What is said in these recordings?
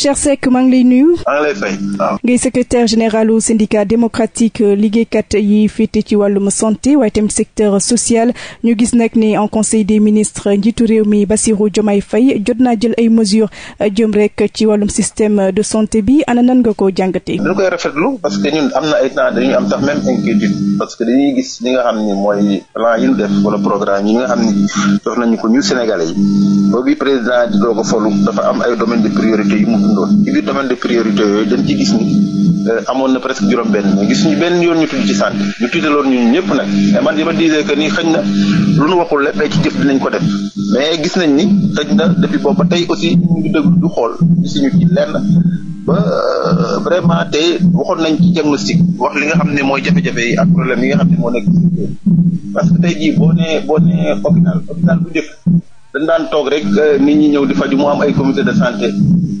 Cheikh Seck maa ngi lay nuyu. maa ngi ngay secrétaire général au syndicat démocratique euh, liggéeykat yi féete ci wàllum santé waaye tamit secteur social ñu gis nag ni en conseil des ministres njiitu réew mi Bassirou Diomaye Faye jot naa jël ay mesures euh, jëm rek ci wàllum système de santé bi ana nan nga ko jàngatee. dañ koy rafetlu parce que ñun am na ay temps dañuy am sax même inquiétude parce que dañuy gis li nga xam ni mooy plan yi ñu def wala programme yi nga xam ni jox ko ñu dundoon ci biir domaine de priorité yooyu dañ ci gis ni euh, amoon na presque juróom-benn mais gisuñu benn yoon ñu tudd ci santé ñu tuddaloon ñu ñëpp nag mais man ma disee que ni xëñ na lu nu waxul lépp ay ci jëf dinañ ko def mais gis nañ ni tëj na depuis boobu tey aussi ñu ngi du xool gisuñu ci lenn ba euh, vraiment tey waxoon nañ ci diagnostic wax li nga xam ne mooy jafe-jafe yi ak problème yi nga xam ne moo nekk parce que tey jii boo ne boo nee hôpital hôpital bu njëkk dañ toog rek euh, nit ñi ñëw di faju mu am ay comité de santé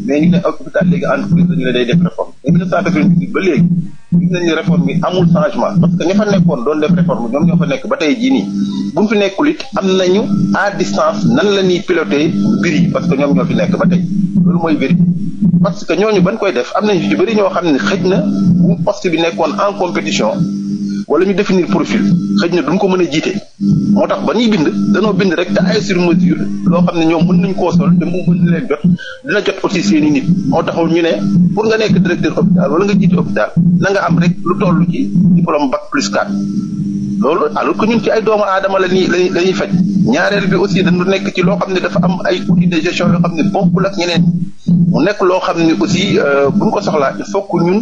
mais ñu ne hôpital léegi entreprise la ne day def réforme mais 1998 ba léegi gis nañ ni réforme amul changement parce que ña fa nekkoon doon def réforme ñoom ñoo fa nekk ba tey jii nii buñ fi nekkul it am na ñu à distance nan la ñuy piloté mbir parce que ñoom ñoo fi nekk ba tey loolu mooy mbir parce que ñooñu bañ koy def am nañu ci bëri ñoo xam ne xëj na bu poste bi nekkoon en compétition wala ñu définir profil xëy na duñ ko mën a jiite moo tax ba ñuy bind danoo bind rek te ay sur mesure loo xam ne ñoom mën nañ koo sol te mu mën leen jot dina jot aussi seen i nit moo taxul ñu ne pour nga nekk directeur hôpital wala nga jiite hôpital na nga am rek lu toll ci diplôme bac plus 4 loolu alors ko ñun ci ay doomu aadama la ñuy la ñuy faj ñaareel bi aussi dañu nekk ci loo xam ne dafa am ay outils de gestion yoo xam ne bokkul ak ñeneen mu nekk loo xam ni aussi euh, bu ñu ko soxlaa il faut que ñun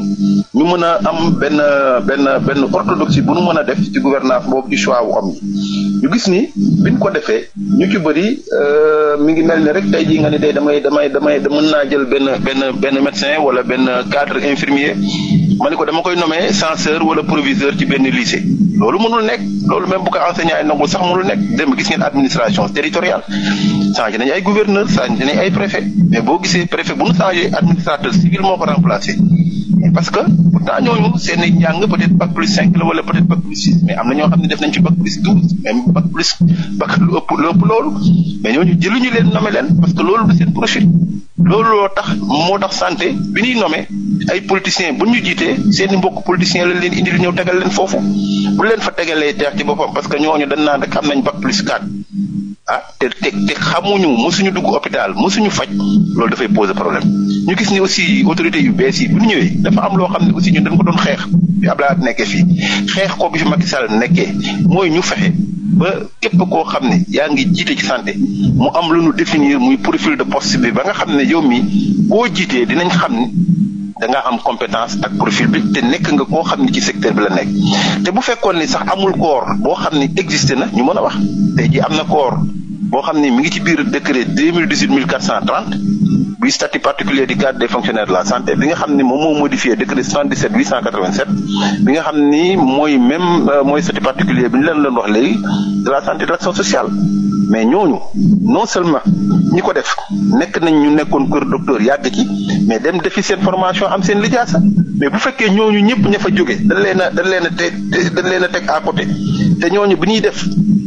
ñu mën a am benn benn benn orthodoxie bu nu mën a def ci gouvernance boobu ci choix wu am yi ñu gis ni biñ ko defee ñu ci bëri euh, mu ngi mel ni rek tey jii nga ni tey damay damay damay mën naa jël benn benn benn médecin wala benn cadre infirmier ma ne ko dama koy nommé censeur wala proviseur ci benn lycée loolu mënul nekk loolu même bu ko enseignant yi sax mënul nekk dem gis ngeen administration territoriale changé nañu ay gouverneur changé nañu ay préfet mais boo gisee préfet bu nu changé administrateur civil moo ko remplacé parce que pourtant ñooñu seen i njàng peut être bac plus cinq la wala peut être bac plus six mais am na ñoo xam ne def nañ ci bac plus douze même bac plus mais ñooñu jëluñu parce que loolu loolu loo tax moo tax santé bi ñuy nommé ay politiciens bu ñu jiitee seen i mbokk politiciens lañ leen indi lu ñëw tegal leen foofu bu leen fa tegalee teex ci boppam parce que ñooñu dañ naan rek xam nañ bac plus 4 ah te te te xamuñu mosuñu dugg hôpital mosuñu faj loolu dafay poser problème ñu gis ni aussi autorités yu bees yi bu ñu ñëwee dafa am loo xam ne aussi ñun dañ ko doon xeex bi Abdoulaye nekkee fii xeex ko bi fi Macky Sall nekkee mooy ñu fexe ba képp koo xam ne yaa ngi jiite ci santé mu am lu nu définir muy profile de poste bi ba nga xam ne yow mi koo jiitee dinañ xam ne dangaa am compétence ak profil bi te nekk nga koo xam ne ci secteur bi la nekk te bu fekkoon ni sax amul corps boo xam ni existé na ñu mën a wax tey ji am na corps boo xam ne mi ngi ci biir décret deux mille dix huit mille quatre cent trente bi statut particulier du cadre des fonctionnaires de la santé bi nga xam ni moom moo modifié décret 77 887 bi nga xam ni mooy même euh, mooy statut particulier bi ñu leen doon wax léegi de la santé de l'action sociale mais ñooñu non seulement ñi ko def nekk nañ ñu nekkoon kër docteur yàgg ci mais dem defi seen formation am seen lijaasa mais bu fekkee ñooñu ñëpp ña fa jóge dañ leen a leen te dañ leen a teg à côté te ñooñu bi ñuy def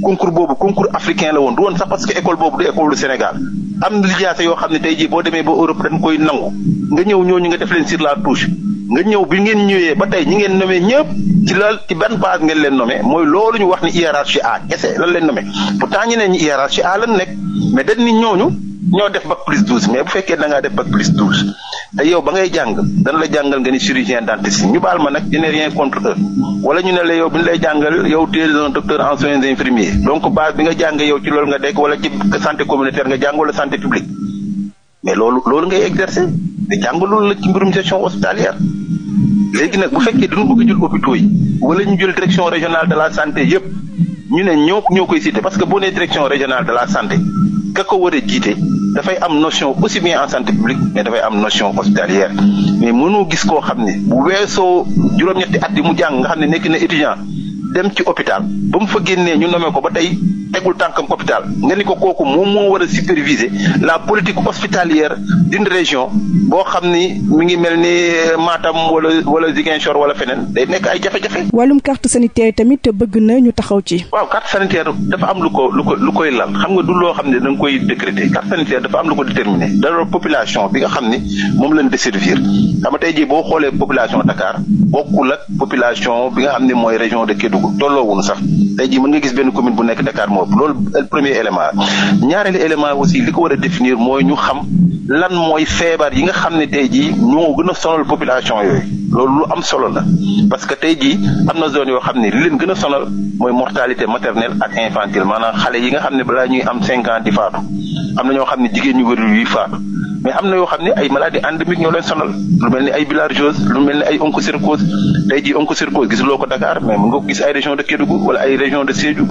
concours boobu concours africain la woon du que école boobu du école du am na lijaasa yoo xam ne tey jii boo demee ba Europe dañ koy nangu nga ñëw ñooñu nga def leen sur la touche nga ñëw bi ngeen ñëwee ba tey ñi ngeen nommé ñëpp ci laal ci ban base ngeen leen nomee mooy loolu ñu wax ni hiérarchie A kese la leen nommé pourtant ñeneen ñi hiérarchie A lan nekk mais dañ ni ñooñu ñoo def bac plus douze mais bu fekkee da ngaa def bac plus douze te yow ba ngay jàng danu la jàngal nga ni chirurgien dentiste ñu baal ma nag je n'ai rien contre eux wala ñu ne la yow bi ñu lay jàngal yow tu es un docteur en soins infirmiers donc base bi nga jàng yow ci loolu nga dekk wala ci santé communautaire nga jàng wala santé publique mais loolu loolu ngay exercer te jàng loolu la ci mbirum gestion léegi nag bu fekkee dañu bëgg jël hôpitaux yi wala ñu jël direction régionale de la santé yépp ñu ne ñoo ñoo koy cité parce que boo nee direction régionale de la santé ka ko war a jiite dafay am notion aussi bien en santé publique mais dafay am notion hospitalière mais mënoo gis koo xam ne bu weesoo juróom-ñetti at yi mu jàng nga xam ne nekk na étudiant dem ci hôpital ba mu fa génnee ñu nomee ko ba tey tegul tànkam hôpital nga ni ko kooku moom moo war a superviser la politique hospitalière d'une région boo xam ni mu ngi mel ni euh, Matam wala wala Ziguinchor wala feneen day nekk ay jafe-jafe. wàllum carte sanitaire tamit bëgg na ñu taxaw ci. waaw carte sanitaire dafa am lu ko lu ko lu koy lal xam nga du loo xam ne da koy décréter carte sanitaire dafa am lu ko déterminer dara population bi nga xam ni moom lañ desservir xam nga tey jii boo xoolee population Dakar bokkul ak population bi nga xam ne mooy région de Kédougou tolloowuñu sax tey jii mën nga bopp loolu premier élément ñaareelu élément aussi li ko war a définir mooy ñu xam lan mooy feebar yi nga xam ne tey jii ñoo gën a sonal population yooyu loolu lu am solo la parce que tey jii am na zone yoo xam ne li leen gën a sonal mooy mortalité maternelle ak infantile maanaam xale yi nga xam ne balaa ñuy am cinq ans di faatu am na ñoo xam ne jigéen ñu wérul yuy faatu mais am na yoo xam ne ay maladi maladies endémiques ñoo leen sonal lu mel ni ay bilharziose lu mel ni ay onchocercose tey jii gis loo ko Dakar mais mën nga gis ay région de Kédougou wala ay région de Sédhiou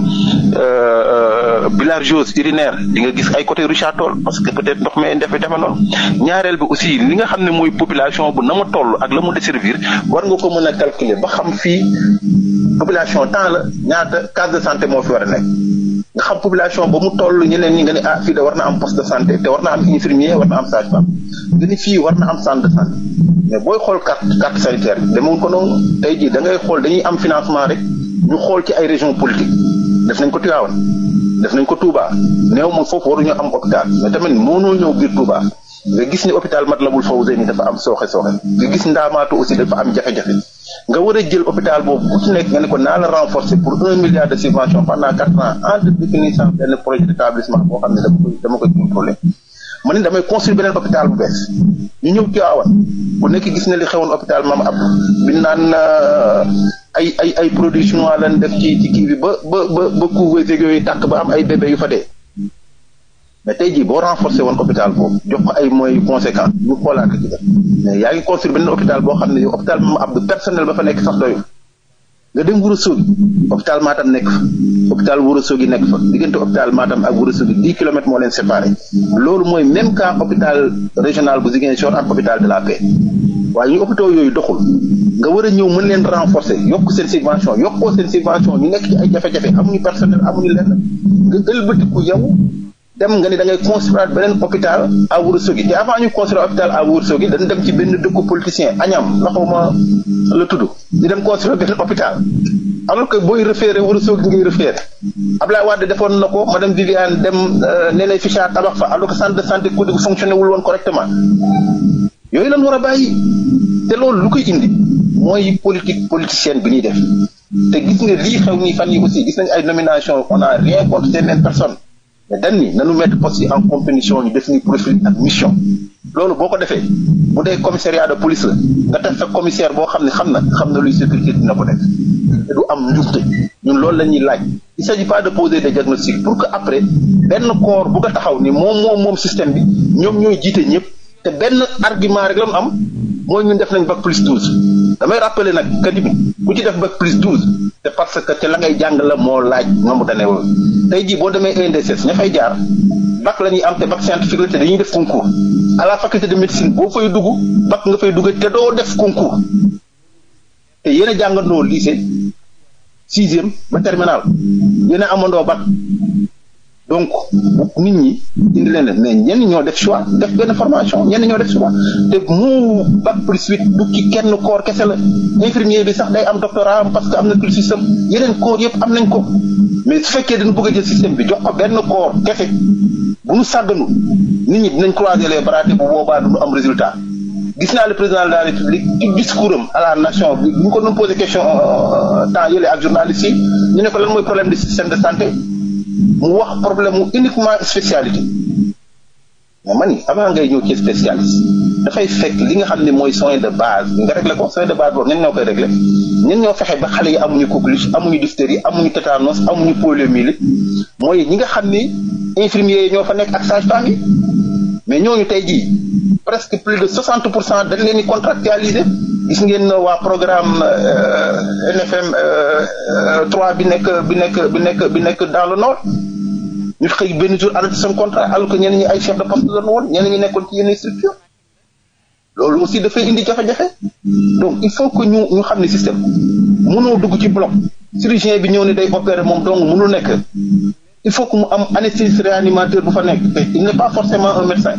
euh, euh, bilharziose urinaire di nga gis ay côté Richard Toll parce que peut être ndox mi def defe noonu ñaareel bi aussi li nga xam ne mooy population bu na ma toll ak la mu desservir war nga ko mën a calculer ba xam fii population temps la ñaata case de moo fi war nga xam population ba mu toll ñeneen ñi nga ne ah fii de war na am poste de santé te war na am infirmier war na am sage fii war na am centre de santé mais booy xool carte carte sanitaire bi demul ko noonu tey jii da ngay xool dañuy am financement rek ñu xool ci ay région politique def nañ ko Tivaouane def nañ ko Touba néew ma foofu waruñu am hôpital mais tamit noo ñëw biir Touba nga gis ne hôpital Matlaboul Fawzeyni dafa am sooxe sooxe nga gis ndaamaatu aussi dafa am jafe-jafe nga war a jël hôpital boobu ku nekk nga ne ko naa la renforcer pour un milliard de subvention pendant quatre ans en définissant benn projet d'établissement boo xam ne dama koy dama koy contrôler ma ne damay beneen hôpital bu bees ñu ñëw Tiwaawan ku nekk gis na li xewoon hôpital Mame Abdou bi naan euh, ay ay ay produits chinois lan def ci ci kii bi ba ba ba ba couveuse yooyu tàkk ba am ay bébé yu fa dee mais tey jii boo renforcer woon hôpital boobu jox ko ay moyens conséquents ñu xoolaat ci def mais yaa ngi construire beneen hôpital boo xam ne yow hôpital Mame Abdou personnel ba fa nekk sax doyul nga dem Ourossogui hôpital Matam nekk fa hôpital Ourossogui nekk fa diggante hôpital tam ak Ourossogui dix kilomètres moo leen séparé loolu mooy même cas hôpital régional bu Ziguinchor ak hôpital de la Paix waaye ñu hôpitaux yooyu doxul nga war a ñëw mën leen renforcer yokk seen subvention yokkoo seen subvention ñu nekk ci ay jafe-jafe amuñu personnel amuñu lenn nga ëlbatiku yow dem nga ni dangay ngay beneen beneen hôpital à Ourossogui te avant ñu construire hôpital à Ourossogui dañ dem ci benn dëkku politicien Agnam la xaw ma la tudd di dem construire benn hôpital alors que booy référé Ourossogui ngay référé Abdoulaye Wade defoon na ko madame Viviane dem euh, Néné Ficha tabax fa alors que centre de santé ku fonctionné wul woon correctement yooyu lan war a bàyyi te loolu lu koy indi mooy politique politicienne bi ñuy def te gis nga lii xew nii fan yi aussi a rien contre mais dañ ni nañu mettre poste yi en compétition ñu définir profil ak mission loolu boo ko defee bu dee commissariat de police la nga def commissaire boo xam ne xam na xam na luy sécurité dina ko def te du am njuumte ñun loolu la ñuy laaj il s'agit pas de poser des diagnostics pour que après benn corps bu nga taxaw ni moom moom moom système bi ñoom ñooy jiite ñëpp te benn argument rek la am mooy ñun def nañ bac plus 12 damay rappeler nag kadib ku ci def bac plus 12 c' parce que te la ngay jàng la moo laaj nombre d'années woowu tey jii boo demee ENDSS ña fay jaar bac la ñuy am te bac scientifique la te dañuy def concours à la faculté de médecine boo fay dugg bac nga fay dugg te doo def concours te yéen a jàngandoo lycée sixième ba terminal yéen a amandoo bac donc nit ñi indi leen def mais ñenn ñoo def choix def benn formation ñenn ñoo def choix te mu bac plus huit du ci kenn corps kese la infirmier bi sax day am doctorat am parce que am na plus système yeneen corps yëpp am nañ ko mais su fekkee dañu bëgg a jël système bi jox ko benn corps kese bu ñu sàgganu nit ñi dinañ croiser les bras bu boobaa duñu am résultat gis naa le président de la république ci discours am la nation bi ñu ko doon posé question euh, temps yële ak journaliste yi ñu ne ko lan mu wax problème mu uniquement spécialité mais man ni avant ngay ñëw ci spécialiste dafay fekk li nga xam ne mooy soin de base nga réglé ko soin de base boobu ñen ñoo koy réglé ñen ñoo fexe ba xale yi amuñu coqueluche amuñu diphtérie amuñu tétanos amuñu poliomyélite mooy ñi nga xam ni infirmiers yi ñoo fa nekk ak sage-femme yi mais ñooñu tey jii presque plus de 60 pour cent dañ leen di contractualiser gis ngeen waa programme euh, NFM 3 euh, bi nekk bi nekk bi nekk bi nekk dans le nord ñu xëy benn jour arrêté seen contrat alors que ñenn ñi ay chef de poste la woon ñenn ñi nekkoon ci yenn structure loolu aussi dafay indi jafe-jafe donc il faut que ñu ñu xam ne système mënoo dugg ci bloc chirurgien bi ñëw ni day opérer moom donc mënul nekk il faut que mu am anesthésiste réanimateur bu fa nekk il n'est pas forcément un médecin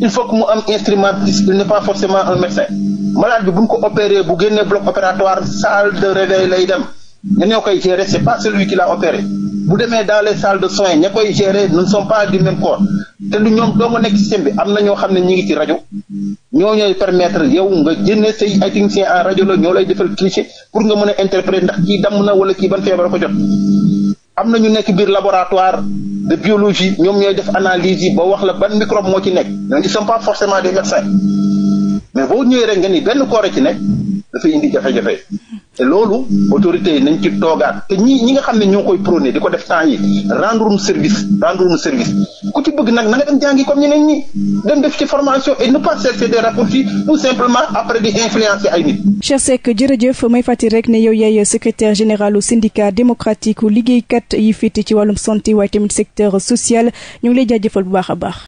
il faut que mu am instrumentiste il n'est pas forcément un médecin malade bi buñ ko opéré bu génnee bloc opératoire salle de réveil lay dem ña ñoo koy gérer c'est pas celui qui l'a opéré bu demee dans les salles de soins ña koy gérer ne sont pas du même corps te du ñoom doo nga nekk système bi am na ñoo xam ne ñi ngi ci rajo ñoo ñooy permettre yow nga génne say ay technicien en rajo la ñoo lay defal cliché pour nga mën a interpréter ndax kii damm na wala kii ban feebar ko jot am na ñu nekk biir laboratoire de biologie ñoom ñooy def analyse yi ba wax la ban microbe moo ci nekk ñooñu ne sont forcément des médecins mais boo ñëwee rek nga ni benn koor ci nekk dafay indi jafe-jafe te loolu autorité yi nañ ci toogaat te ñi ñi nga xam ne ñoo koy prôné di ko def temps yi rendre service rendre service ku ci bëgg nag na nga dem jàngi comme ñeneen ñi dem def ci formation et ne pas chercher des raccourcis tout simplement après di influencer ay nit. Cheikh Seck jërëjëf may fàttali rek ne yow yaay secrétaire généralu syndicat démocratique liggéeykat yi féete ci wàllum santé waaye tamit secteur social ñu ngi lay jaajëfal bu baax a baax.